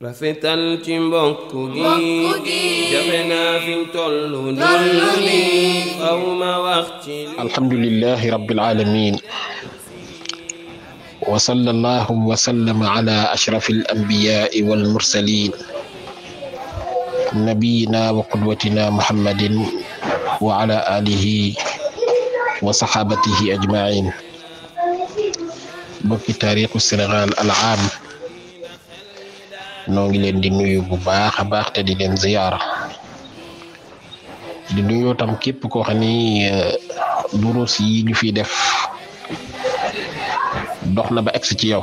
rafetal ci mbokk gi jafe naa fi toll ni faw ma wax ci alhamdulillahi rabbil alamin wa sallallahu wa sallama ala ashrafil anbiya'i wal mursalin nabiyina wa qudwatina muhammadin wa ala alihi wa saxaabatihi ajmain bokki taarixu Sénégal al aam noo ngi leen di nuyu bu baax a baax te di leen ziyaara di nuyu tam képp koo xam ni euh, durus yi ñu fi def dox na ba egsi ci yow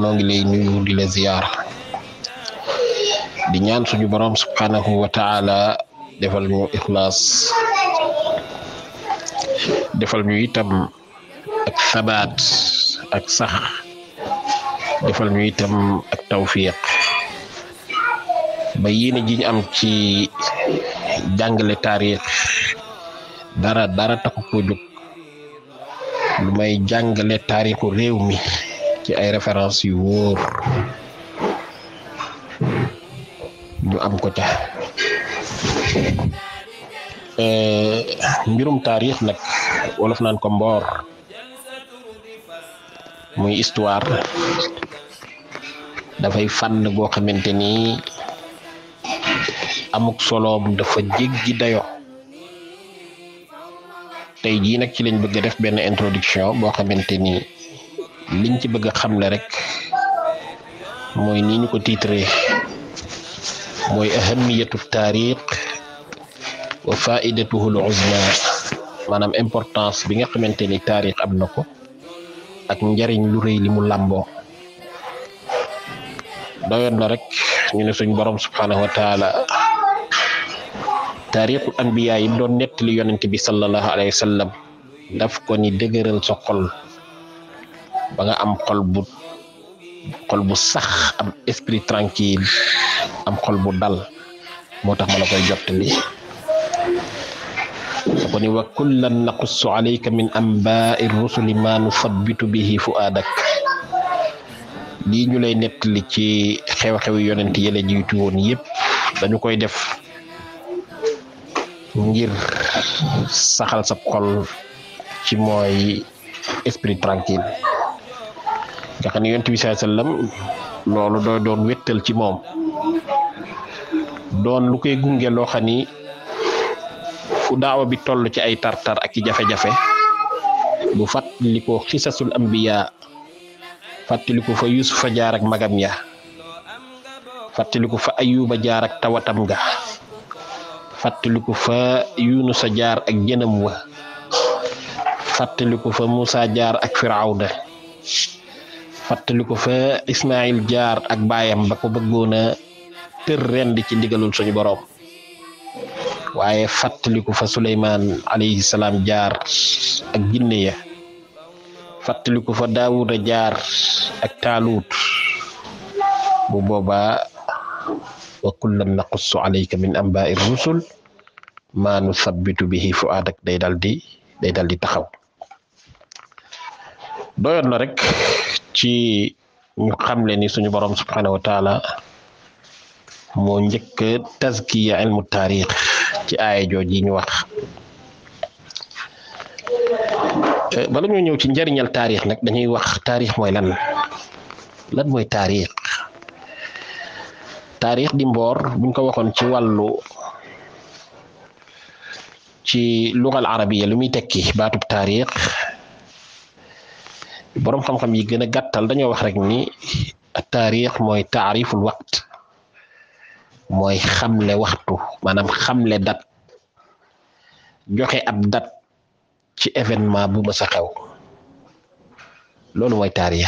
noo ngi lay nuyu di la ziyaara di ñaan suñu boroom subhanahu wa taala defal ñu ixlaas defal ñu itam ak sabaat ak sax defal ñu itam ak tawfiq ba yéene ji am ci jàngale taarix dara dara takku ko jóg lu may jàngale taarixu réew mi ci ay référence yu wóor ñu am ko ca eh, mbirum taarix nag wolof naan ko mboor muy histoire dafay fànn goo xamante ni amuk soloom dafa jéggi dayo tey jii nag ci lañ bëgg a def benn introduction boo xamante ni liñ ci bëgg a le rek mooy ni ñu ko tiitre mooy ahamiyatu taariq wa faidatuhu l uzma maanaam importance bi nga xamante ni taarix am na ko ak njariñ lu rëy li mu làmboo doyoon na rek ñu ne suñ borom subhanahu taarixu anbiya yi doon nettali yonent bi sallallahu alayhi wa sallam daf ko ni dëgëral sa xol ba nga am xol bu bu sax am esprit tranquille am xol bu dal moo tax ma la koy jottali da ko ni wa kullan naqussu alayka min anbaai rusuli ma nusabbitu bihi fuaadak lii ñu lay nettali ci xew-xewi yonent yële jiitu woon yëpp dañu koy def ngir saxal sa xol ci mooy esprit tranquille loolu dooy doon wéttal ci moom doon lu koy gunge loo ni fu daawa bi toll ci ay tartar ak i jafe-jafe bu fàttali ko xisasul ambiya fàttali ko fa yusufa jaar ak magam ya fàttali ko fa ayuba jaar ak tawatam ga fàttaliku fa yunusa jaar ak jënam wa fàttaliku fa Musa jaar ak firawda fàttaliku fa Ismail jaar ak baayam ba ko bëggoona tër rend ci ndigalul suñu boroom waaye fàttaliku fa Suleymaan alayhi salaam jaar ak jinne ya fàttaliku fa Daawuda jaar ak Taalut bu boobaa wa kullan naqussu alayka min anba'i rusul maa nu sabbitu bihi fu'aadak day dal di day dal di taxaw doyoon na rek ci ñu xam le ni suñu borom subhanahu wa moo njëkk tazkiya ilmu taarix ci aaya jooji ñu wax bala ñoo ñëw ci njariñal taarix nag dañuy wax taarix moy lan lan mooy taarix taarix di mboor buñ ko waxoon ci wàllu ci lugal arabiya lu muy tekki baatub taarix boroom xam-xam yi gën a gàttal dañoo wax rek ni taarix mooy taariful waqt mooy xam le waxtu maanaam le dat joxe ab dat ci événement bu mës a xew loolu mooy taarix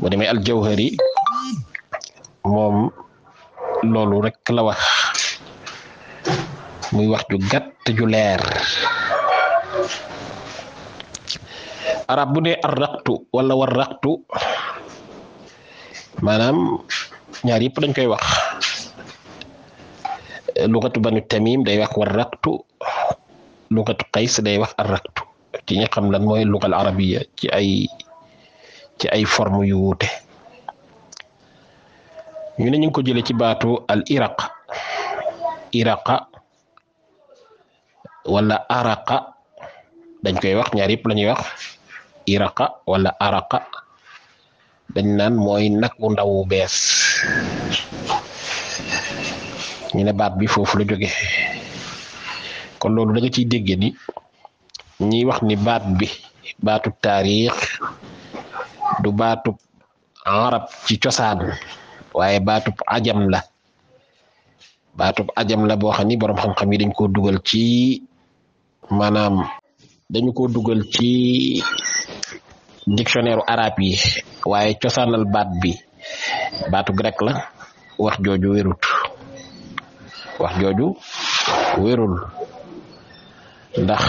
bu demee moom loolu rek la wax muy wax ju gàtt ju leer arab bu ne arraqtu wala warraqtu maanaam ñaar yëpp dañ koy wax lugatu banu tamim day wax warraqtu lugatu qays day wax arraqtu ci ñi xam lan mooy lugal arabiya ci ay ci ay forme yu wuute ñu ne ko jëlee ci baatu al iraq iraqa wala araqa dañ koy wax ñaar yëpp la wax iraqa wala araqa dañ naan mooy nag bu ndaw bu bees ñu ne baat bi foofu la jóge kon loolu dañ nga ciy dégge ni ñiy wax ni baat bi baatu taarix du baatu arab ci cosaan waaye baatub ajam la baatub ajam la boo xam ni borom xam-xam yi dañ koo dugal ci maanaam dañu ko dugal ci dictionnaire arab yi waaye cosaanal baat bi baatu grec la wax jooju wérut wax jooju wérul ndax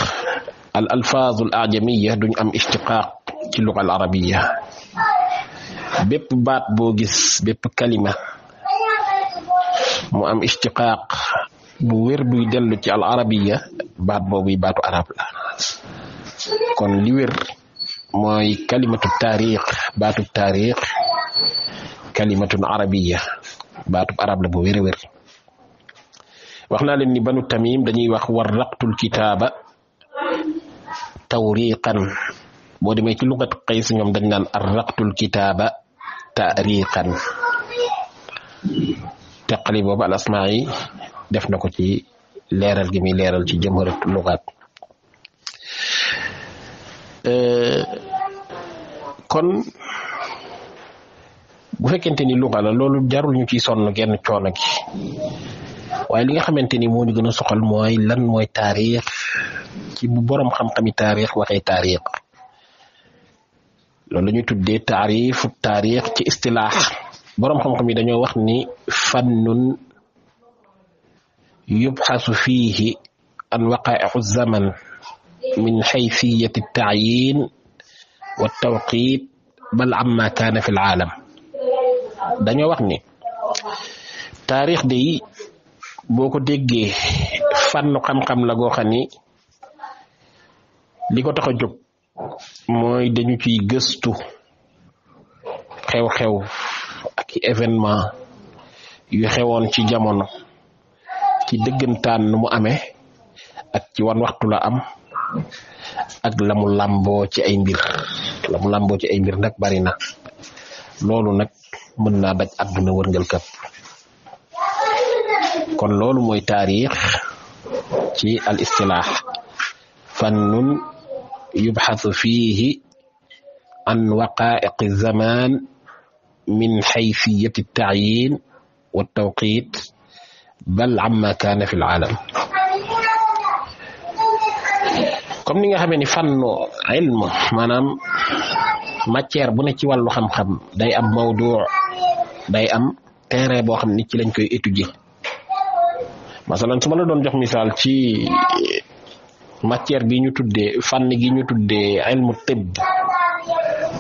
al alfaazul ajamiya duñ am ishtiqaaq ci lugal arabiya bépp baat boo gis bépp kalima mu am ishtiqaaq bu wér buy dellu ci al arabiya baat boobu baatu arab la kon li wér mooy kalimatu taarix baatu taarix kalimatun arabiya baatub arab la bu wér wér wax naa leen ni banu tamim dañuy wax warraqtul kitaaba tawriqan boo demee ci lugat qays ñoom dañ naan arraqtul kitaaba taariqan teqali boobu al asmaa yi def na ko ci leeral gi muy leeral ci jëmhërat lugaat kon bu fekkente ni luga la loolu jarul ñu ciy sonn genn coono gi waaye li nga xamante ni moo ñu gën a soxal mooy lan mooy taarix ci bu boroom xam-xami taarix waxee taarix loolu la ñuy tuddee taarifu taarix ci istilaax boroom xam-xam yi dañoo wax ni fannun yubxasu fiihi an waqaiu zaman min xaysiyati taayin wa tawqit bal amma kaana fi laalam dañoo wax ni taarix de yi boo ko déggee fànn xam-xam la goo xam ni li ko tax mooy dañu ciy gëstu xew-xew ak événement yu xewoon ci jamono ci dëggantaan nu mu amee ak ci wan waxtu la am ak lamu lamboo làmboo ci ay mbir lamu mu ci ay mbir nag bari na loolu nag mën na daj àdduna wërngal këpp kon loolu mooy taarix ci al istilaax fannun yubxasu fiihi an waqaaiqi zaman min xaysiyati taayin wa tawqit bal amma kaana fi laalam comme ni nga xamee ni fànnu ilm maanaam matière bu ne ci wàllu xam-xam day am mawdu day am terrain boo xam ni ci lañ koy étudier masalan su ma la jox misaal ci matière bi ñu tuddee fànn gi ñu tuddee ilmu tibb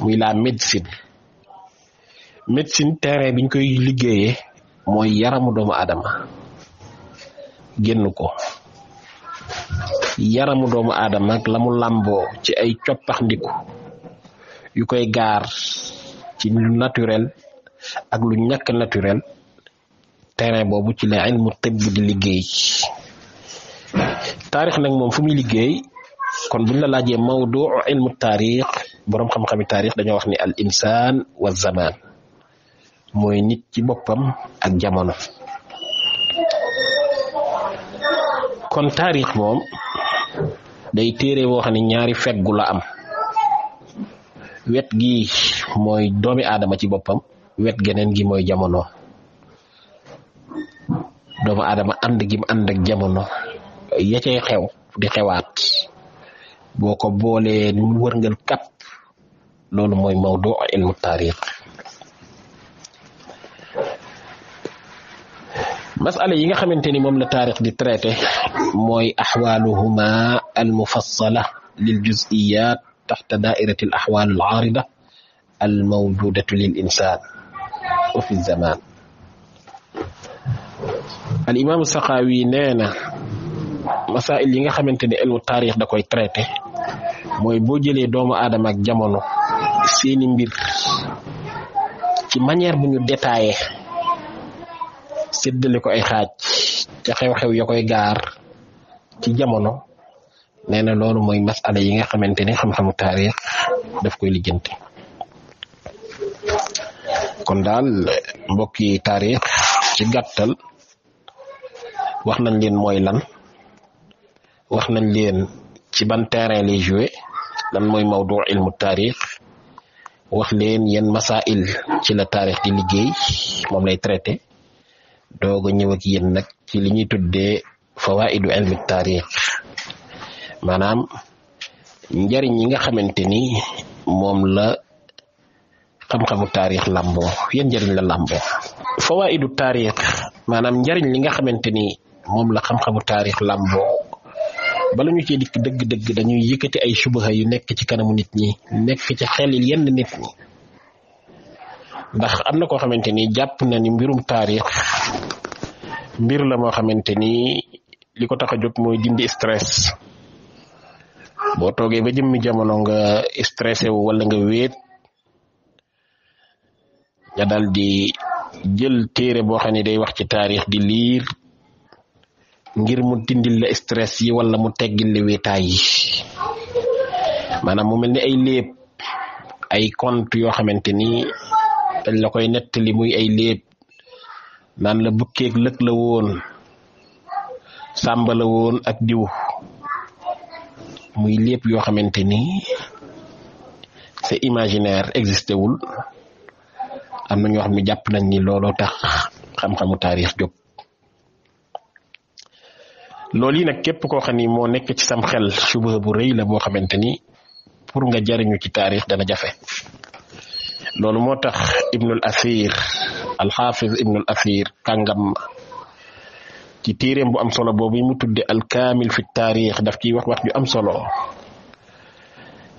muy la médecine médecine terrain bi ñu koy liggéeyee mooy yaramu doomu adama génn ko yaramu doomu aadama ak la làmboo ci ay coppax yu koy gaar ci lu naturel ak lu ñàkk naturel terrain boobu ci la ilmu tibb di liggéey taarix nag moom fu muy liggéey kon buñ la laajee mawdu ilmu taarix boroom xam-xami taarix dañoo wax ni al insaan wa zaman mooy nit ci boppam ak jamono kon taarix moom day téere boo xam ne ñaari feggu la am wet gi mooy doomi aadama ci boppam wet geneen gi mooy jamono doomu adama ànd gi mu jamono ya cay xew di xewaat boo ko boolee ñu wërngal kap loolu mooy mawdu ilmu taarix masala yi nga xamante ni moom la taarix di traité mooy axwaaluhuma almufassala lil juziyat taxta daairati al al aarida al mawjudatu lil insan wa fi zaman al imaamu saqaawi nee na masail yi nga xamante ni elmu taarix da koy traité mooy boo jëlee doomu aadama ak jamono seeni mbir ci manière buñu ñu seddale séddale ko ay xaaj ca xew-xew ya koy gaar ci jamono nee na loolu mooy masala yi nga xamante ni xam-xamu taarix daf koy lijjanti kon daal mbokki taarix ci gàttal wax nañ leen mooy lan wax nañ leen ci ban terrain lay joué lan mooy mawdu ilmu taarix wax leen yen masail ci la taarix di liggéey moom lay traité doog a ñëw ak yéen nag ci li ñuy tuddee fawaidu ilmu taarix maanaam njariñ yi nga xamante ni moom la xam-xamu taarix làmboo yan la làmboo fawaidu maanaam njariñ li nga xamante ni moom la xam-xamu taarix làmboo bala ñu cee dikk dëgg-dëgg dañuy yëkkati ay subaha yu nekk ci kanamu nit ñi nekk ci xel yenn nit ñi ndax am na koo xamante ni jàpp na ni mbirum taarix mbir la moo xamante ni li ko tax a jóg mooy dindi stress boo toogee ba jëmmi jamono nga stressé wu wala nga wéet nga daal di jël téere boo xam ne day wax ci taarix di liir ngir mu dindil la stress yi wala mu teggil la wéetaay yi maanaam mu mel ni ay léeb ay conte yoo xamante nii dañ la koy nettali muy ay léeb naan la bukkeeg lëkk la woon sàmba la woon ak diw muy lépp yoo xamante ni c'est imaginaire existé wul am na ñoo xam ne jàpp nañ ni looloo tax xam-xamu taarix jóg loolu yi nag képp koo xam ni moo nekk ci sam xel bo bu rëy la boo xamante ni pour nga jariñu ci taarix dana jafe loolu moo tax ibnul asir alxaafiz ibnul asir kàngam ci téeréem bu am solo boobu mu tudde alkaamil fi taarix daf ciy wax wax ju am solo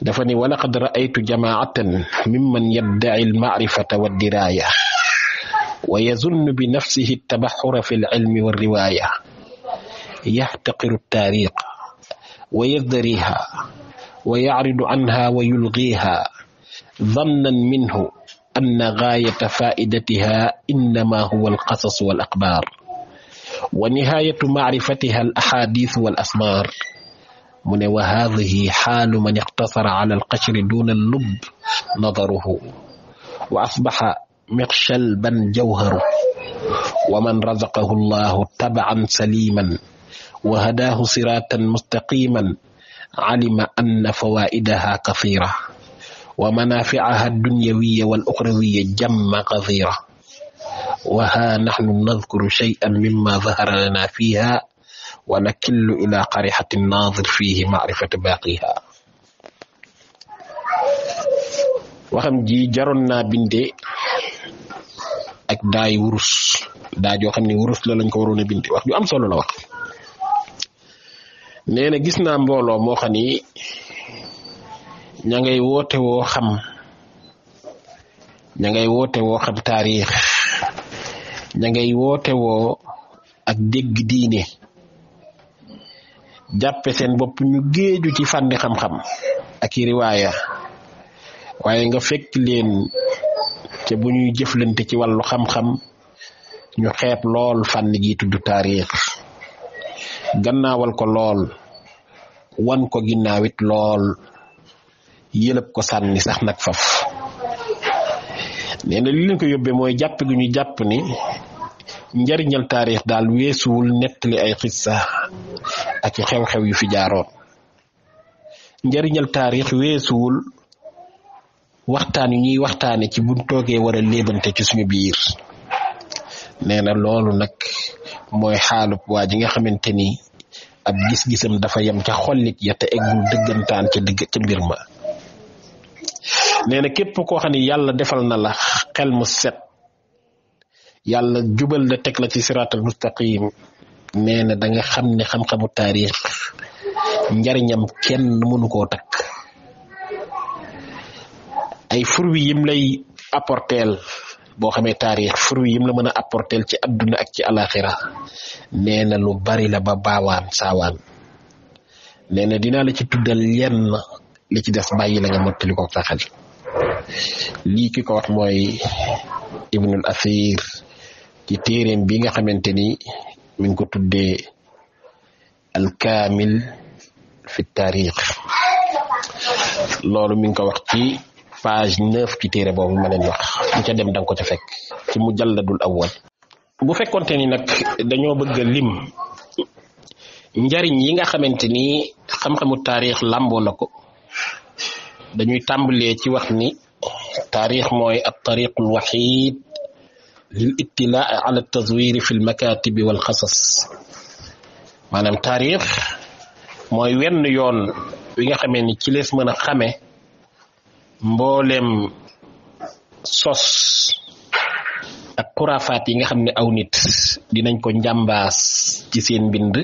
dafa ni walaqad ra'aytu jamaatan mimman yaddaci almacrifata waddiraaya wa yazunnu bi nafsihi tabaxura fi alcilmi wa riwaaya يحتقر التاريخ ويذريها ويعرض عنها ويلغيها ظنا منه أن غاية فائدتها إنما هو القصص والأخبار ونهاية معرفتها الأحاديث والأسمار من وهذه حال من اقتصر على القشر دون اللب نظره وأصبح مقشلبا جوهره ومن رزقه الله تبعا سليما wa hadaahu siraatan mustaqiman alima anna fawaidaha kathira wa manafiaha aldunyawiya waluxrawiya jamma kathira wa ha nahnu nadkuru shay'an mimma dhahara lana fiha wa nakillu ila qarihati naadir fihi maarifata baaqiha waxam ji jaroon naa binde ak daay wurus daa joo xam ne wurus la lañ ko waroon a binde wax ju am solo la wax nee na gis naa mbooloo moo xam ni ña ngay woote woo xam ña ngay wootewoo woo xam taarix ngay woote ak dégg diine jàppe seen bopp ñu géeju ci fànni xam-xam ak i riwaaya waaye nga fekk leen te bu ñuy jëflante ci wàllu xam-xam ñu xeet lool fànn jiitu tudd gannaawal ko lool wan ko ginnaawit lool yëlëb ko sànni sax nag faf nee na li leen ko yóbbee mooy jàpp gi ñu jàpp ni njariñal taarix daal weesuwul nettali ay xissa ak xew-xew yu fi jaaroon njariñal taarix weesuwul waxtaan yu ñuy waxtaane ci buñ toogee war a léebante ci suñu biir nee na loolu nag mooy xaalub waa ji nga xamante ni ab gis-gisam dafa yem ca xollit ya te eggul dëggantaan ca digg ca mbir ma nee na képp koo xam ne yàlla defal na la xel mu set yàlla jubal la teg la ci siraatal mustaqim nee na da xam ne xam-xamu taarix njariñam kenn mënu koo takk ay fur wi yim lay apporteel boo xamee taarix fruit yim la mën a apporter ci adduna ak ci alaxira nee lu bari la ba baawaan saawaan nee dinaa la ci tuddal yenn li ci des bàyyi la nga mottali ko sa liiki ko wax mooy ibnul asir ci téeréem bi nga xamante ni mi ngi ko tuddee alkaamil fi taarix loolu mi ngi ko wax ci page neuf ci téere boobu ma leen wax bu ca dem da nga ko ca fekk ci mu jalladul awwal bu fekkonte ni nag dañoo bëgg a lim njariñ yi nga xamante ni xam-xamu taarix lamboo na ko dañuy tàmbalee ci wax ni taarix mooy ab tariqul waxiid lil ittilaa ala tazwiri fi lmakatibi mooy wenn yoon wi nga xamee ci lees mën a xame mbooleem sos ak kuraafaat yi nga xam ne aw nit dinañ ko njàmbaas ci seen mbind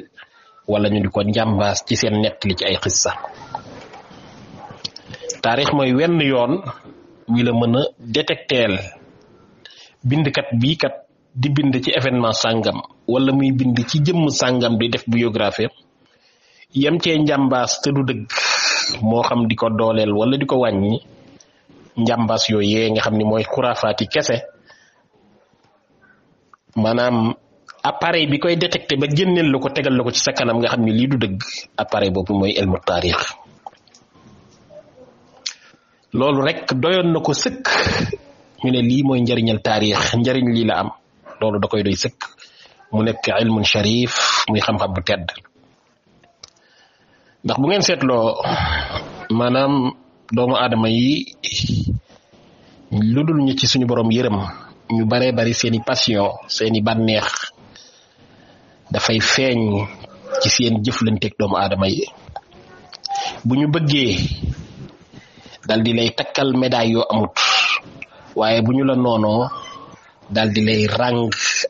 wala ñu di ko njàmbaas ci seen li ci ay xissa taarix mooy wenn yoon wi la mën a détecteel bindkat bii kat di bind ci événement sàngam wala muy bind ci jëmm sàngam di def biographie yam cee njàmbaas te du dëgg moo xam di ko dooleel wala di ko wàññi njàmbas yooyu nga xam ni mooy xuraafaati kese maanaam appareil bi koy détecte ba génneel la ko tegal la ko ci sa kanam nga xam ni lii du dëgg appareil boobu mooy elmu taarix loolu rek doyoon na ko sëkk ñu ne lii mooy njariñal taarix njariñ lii la am loolu da koy doy sëkk mu nekk ilmun sharif muy xam-xam bu tedd ndax bu ngeen seetloo maanaam doomu adama yi lu dul ñu ci suñu boroom yërëm ñu baree bari seeni passion seeni bànneex dafay feeñ ci seen jëflanteek doomu aadama yi bu ñu bëggee dal di lay takkal médaille yoo amut waaye bu ñu la noonoo dal di lay ràng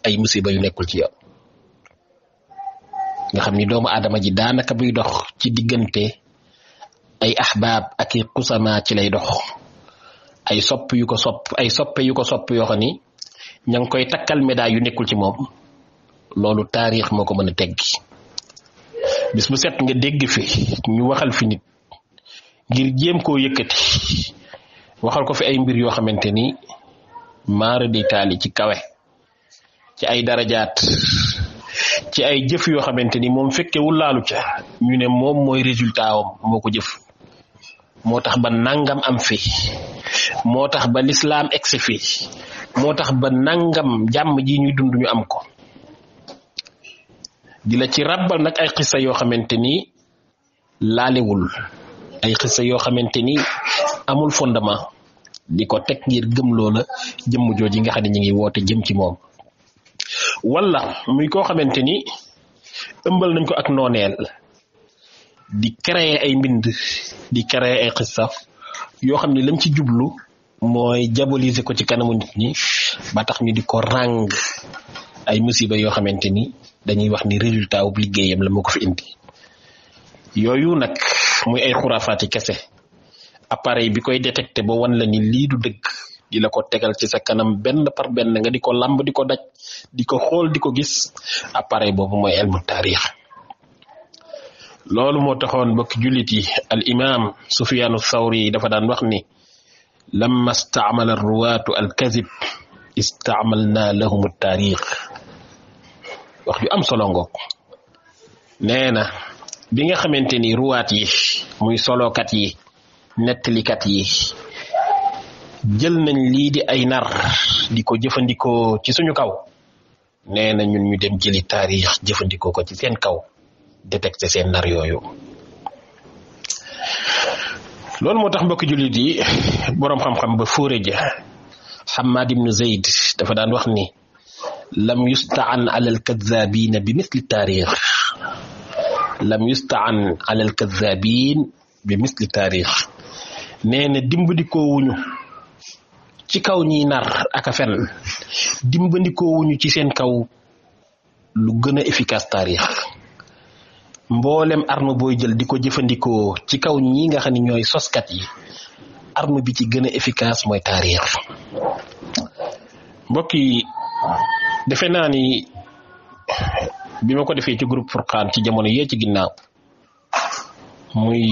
ay musiba yu nekkul ci yow nga xam ni doomu aadama ji daanaka buy dox ci diggante ay ahbaab ak i xusama ci lay dox ay sopp yu ko sopp ay soppe yu ko sopp yoo xam ni ña ngi koy takkal médaille yu nekkul ci moom loolu taarix moo ko mën a teggi bis bu set nga dégg fi ñu waxal fi nit ngir jéem koo yëkkati waxal ko fi ay mbir yoo xamante ni maara di ci kawe ci ay dara jaat ci ay jëf yoo xamante ni moom fekkewul laalu ca ñu ne moom mooy résultat moo ko jëf moo tax ba nangam am fi moo tax ba lislaam egsi fi moo tax ba nangam jàmm ji ñuy dund ñu am ko di la ci ràbbal nag ay xisa yoo xamante ni laalewul ay xisa yoo xamante ni amul fondama di ko teg ngir gëm loola jëmm jooji nga xam ne ñu ngi woote jëm ci moom walla muy koo xamante ni ëmbal nañ ko ak nooneel di créer ay mbind di créer ay xissa yoo xam ne lañ ci jublu mooy diaboliser ko ci kanamu nit ñi ba tax ñu di ko ràng ay musiba yoo xamante ni dañuy wax ni résultat wu liggéeyam la moo ko fi indi yooyu nag muy ay xuraafaati kese appareil bi koy détecté ba wan lañu lii du dëgg di la ko tegal ci sa kanam benn par benn nga di ko làmb di ko daj di ko xool di ko gis appareil boobu mooy elmu taarix loolu moo taxoon bokki jullit yi al imaam Sufyaanu Thawri dafa daan wax ni lamma staamala ruwaatu al kadib istaamalna lahum taarix wax ju am solo ngoog nee na bi nga xamante ni ruwaat yi muy solokat yi nettalikat yi jël nañ lii di ay nar di ko jëfandikoo ci suñu kaw nee na ñun ñu dem jëli taarix jëfandikoo ko ci seen kaw détecter seen nar yooyu loolu moo tax mbokki jullit yi boroom xam-xam ba fóore ja Hammad ibnu dafa daan wax ni lam yustaan ala alkazabina bi misli taarix lam yustaan ala alkazabin bi misli taarix nee na dimbandikoowuñu ci kaw ñii nar ak fen dimbandikoowuñu ci seen kaw lu gën a efficace taarix mboolem arme booy jël di ko jëfandikoo ci kaw ñii nga xam ne ñooy soskat yi arme bi ci gën a efficace mooy taarix mbokk yi defe naa ni bi ma ko defee ci groupe pour Furqaan ci jamono yee ci ginnaaw muy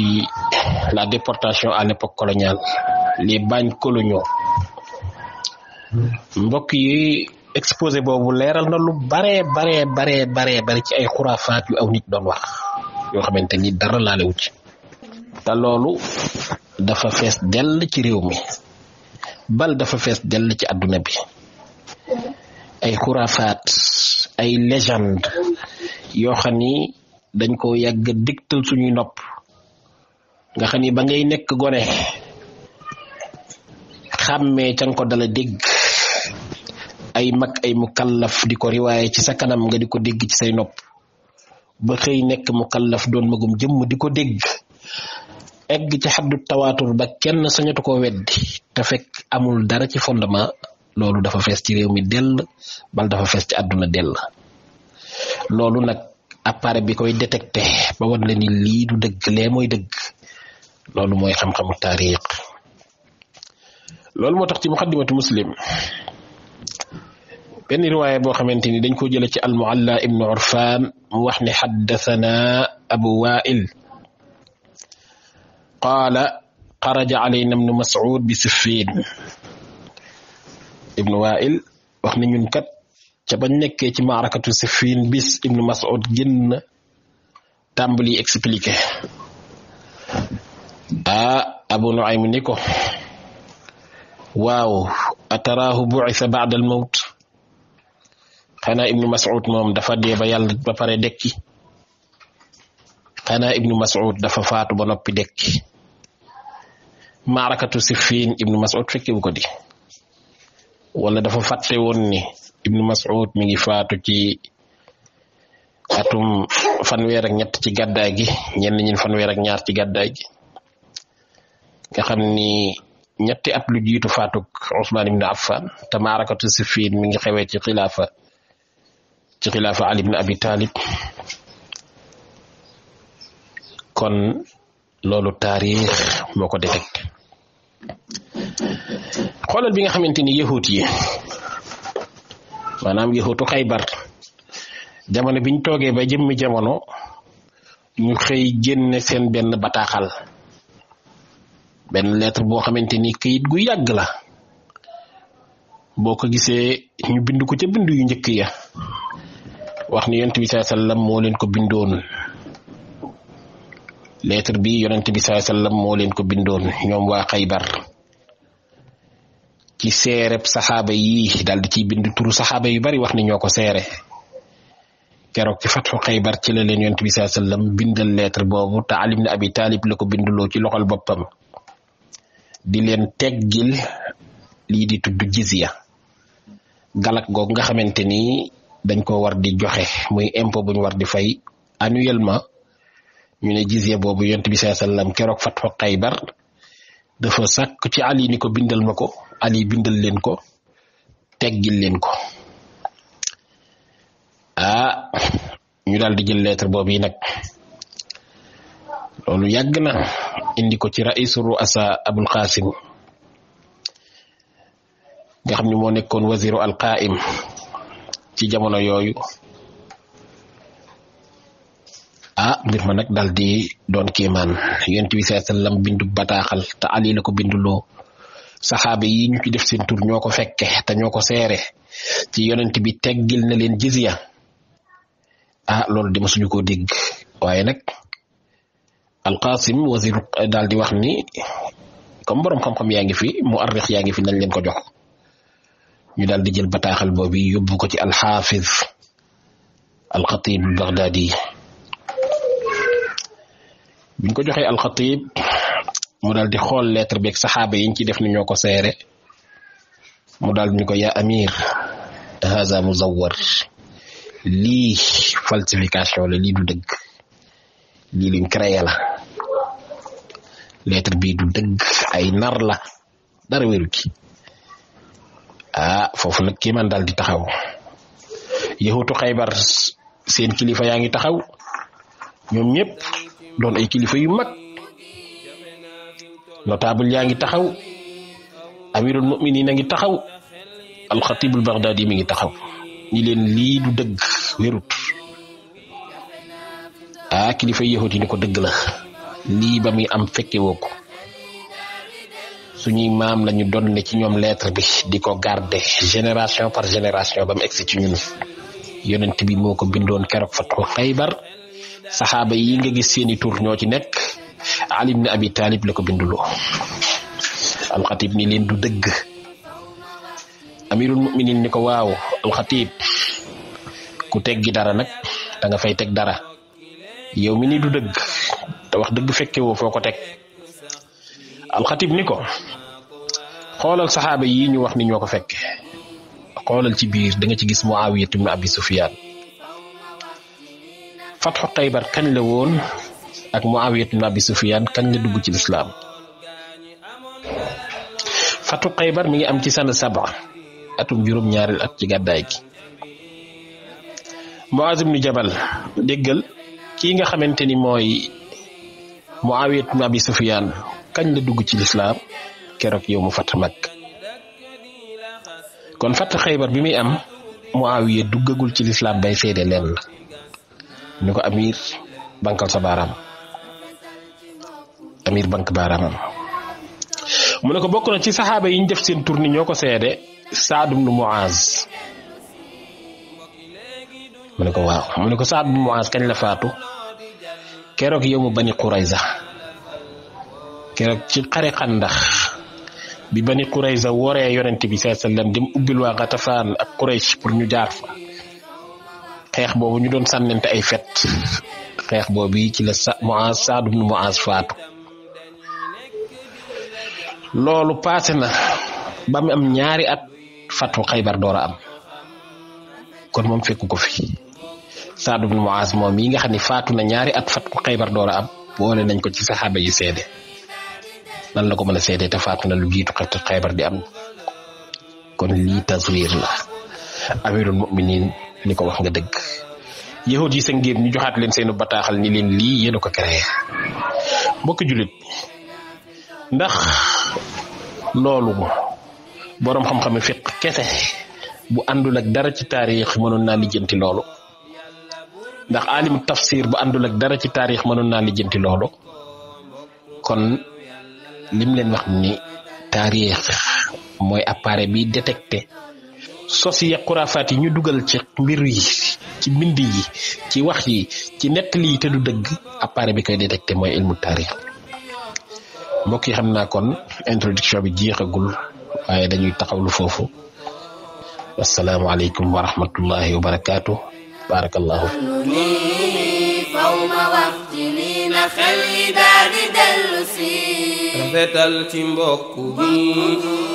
la déportation à l'époque coloniale les bagnes coloniaux mbokk yi exposé boobu leeral na lu baree bare baree baree bare ci ay xuraafaat yu aw nit doon wax yoo xamante ni dara laalewu ci te loolu dafa fees dell ci réew mi bal dafa fees dell ci àdduna bi ay xuraafaat ay légende yoo xam ni dañ koo yàgg digtal suñuy nopp nga xam ni ba ngay nekk gone xàmmee ca nga ko dala dégg ay mag ay mukallaf di ko riwaaye ci sa kanam nga di ko dégg ci say nopp ba xëy nekk mu kallaf doon magum jëmm di ko dégg egg ci xaddu tawaatur ba kenn sañatu ko weddi te fekk amul dara ci fondement loolu dafa fees ci réew mi dell bal dafa fees ci àdduna dell loolu nag appareil bi koy détecté ba wan la ni lii du dëgg lee mooy dëgg loolu mooy xam-xamu taariix loolu moo tax ci muqaddimatu muslim benn riwaaya boo xamante ni dañ ko jële ci almualla ibnu urfaan mu wax ne xaddathana abu wail qaala xaraja alayna ibnu mas'ud bi siffin ibnu wail wax ñun kat ca bañ nekkee ci maarakatu siffin bis ibnu mas'ud génn tàmbali expliqué a abu nuaym ni ko waaw ataraahu bu'itha ba'da al-mawt xanaa ibnu Mas'ud moom dafa dee ba yàlla ba pare dekki xanaa ibnu Mas'ud dafa faatu ba noppi dekki maarakatu Siffin ibnu Mas'ud fekkiwu ko di wala dafa fàtte woon ni ibnu Mas'ud mi ngi faatu ci atum fanweer ak ñett ci gàddaay gi ñenn ñi fanweer ak ñaar ci gàddaay gi nga xam ni ñetti at lu jiitu faatu Usmaan ibnu Affan te maarakatu Siffin mi ngi xewee ci xilaafa ci xilaafa ali ibn abi taalib kon loolu taarix moo ko détecté xoolal bi nga xamante ni yahut yi maanaam yahutu xaybar jamono biñ toogee ba jëmmi jamono ñu xëy génne seen benn bataaxal benn lettre boo xamante ni këyit gu yàgg la boo ko gisee ñu bind ko ca bind yu njëkk ya wax ni yonent bi saai moo leen ko bindoon lettre bi yonent bi saai sallam moo leen ko bindoon ñoom waa xaybar ci seereb saxaaba yi daal di ciy bind turu saxaaba yu bari wax ni ñoo ko seere keroog ci fatxu xaybar ci la leen yonent bi saai sallam bindal lettre boobu te Ali ibn Abi Talib la ko binduloo ci loxol boppam di leen teggil lii di tudd jizya galak googu nga xamante dañ ko war di joxe muy impo bu ñu war di fay annuellement ñu ne jizya boobu yonent bi sallallahu alayhi wasallam keroog fatxu Xaybar dafa sàkk ci Ali ni ko bindal ma ko Ali bindal leen ko teggil leen ko ah ñu daal di jël lettre boobu yi nag loolu yàgg na indi ko ci raisu ruasa Abul Qasim nga xam ne moo nekkoon waziru al qaim ci jamono yooyu a ah, mbir ma nag dal di doon kiimaan yonent bi sallallahu lam bindu bataaxal te Ali ko bindu loo saxaaba yi ñu ci def sintur tur ñoo ko fekke te ñoo ko seere ci yonent bi teggil na leen jizya ah loolu dama suñu koo dégg waaye nag alqasim wazir daal di wax ni comme borom xam yaa ngi fi mu arrix yaa ngi fi nañ leen ko jox ñu daal di jël bataaxal boobu yóbbu ko ci alxaafiz alxatib albaghdaadi biñ ko joxe alxatib moo daal di xool lettre beeg saxaaba yiñ ci def ni ñoo ko seere mu daal di ñu ko yaa amir haza muzawwar lii falsification la lii du dëgg lii luñ créé la lettre bi du dëgg ay nar la dara wéru ah foofu na kii daal di taxaw yahutu xaybar seen kilifa yaa ngi taxaw ñoom ñëpp doon ay kilifa yu mag notable yaa ngi taxaw a amirul muminin a ngi taxaw alxatibul baghdadi mi ngi taxaw ñi leen lii du dëgg wérut ah kilifa yahut yi ni ko dëgg la lii ba muy am fekke woo suñuy maam lañu doon ci ñoom lettre bi di ko garder génération par génération bam mu ci ñun yonent bi moo ko bindoon keroog fatu Xaybar saxaaba yi nga gis seeni tur ñoo ci nekk Ali ibn Abi Talib la ko binduloo alxatib ni leen du dëgg amirul muminin ni ko waaw alxatib ku teggi dara nag danga nga fay teg dara yow mi ni du dëgg te wax dëgg fekke foo ko teg alxatib ni ko xoolal saxaaba yi ñu wax ni ñoo ko fekk xoolal ci biir danga ci gis Muawiya ibn Abi Sufyaan fatxu Taybar kañ la woon ak Muawiya ibn Abi Sufyaan kañ la dugg ci lislaam fatxu Taybar mi ngi am ci sana saba atum juróom-ñaareel at ci gàddaay gi Muaz ibn Jabal déggal kii nga xamante ni mooy Muawiya ibn Abi Sufyaan kañ la dugg ci lislaam keroog yow mu fatt mag kon fatt xeebar bi muy am Muawiya duggagul ci lislaam bay seede leen la ñu ko amir bankal sa baaraam bank baaraamam mu ne ko bokk na ci saxaaba yi ñu def seen tournée ñoo ko seede Saad ibn Muaz mu ne ko waaw mu ne ko Saad ibn Muaz kañ la faatu keroog yow mu bani Qurayza keroog ci xare xandax bi bani Qurayza woree yonent bi sallallahu alayhi wasallam dem ubbil waa Ghatafaan ak Quraysh pour ñu jaar fa xeex boobu ñu doon sànnante ay fet xeex boobu ci la sa Muaz Saad ibn Muaz faatu loolu paase na ba mu am ñaari at fatu Xaybar door am kon moom fekku ko fi Saad ibn moom yi nga xam ne faatu na ñaari at fatu Xaybar door am boole nañ ko ci saxaaba yi seede nan la ko mën a seetee te faatu na lu jiitu xeebar di am kon lii taswiir la amirul muminin ni ko wax nga dëgg yahud yi sa ngéem ñu joxaat leen seenu bataaxal ni leen lii yéen a ko créé mbokki jullit ndax loolu boroom xam-xame fiq kese bu àndul ak dara ci taarix mënoon naa lijjanti loolu ndax alim tafsir bu àndul ak dara ci taarix mënoon naa lijjanti loolu kon lim leen wax ni taarix mooy appareil bi détecté sos yi xuraafaat yi ñu dugal ci mbir yi ci mbind yi ci wax yi ci nettali yi te du dëgg appareil bi koy détecté mooy ilmu taarix mbokk yi xam naa kon introduction bi jeexagul waaye dañuy taxawlu foofu asalaamaaleykum wa rahmatullahi wa barakaatu baarakallahu fawma waxti nii na xel yi daal di dellu fetal ci mbokk gi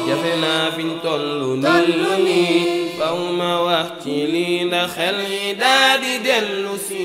jafe naa fiñ tollu nii faw ma wax ci lii ndax xel yi daa dellu si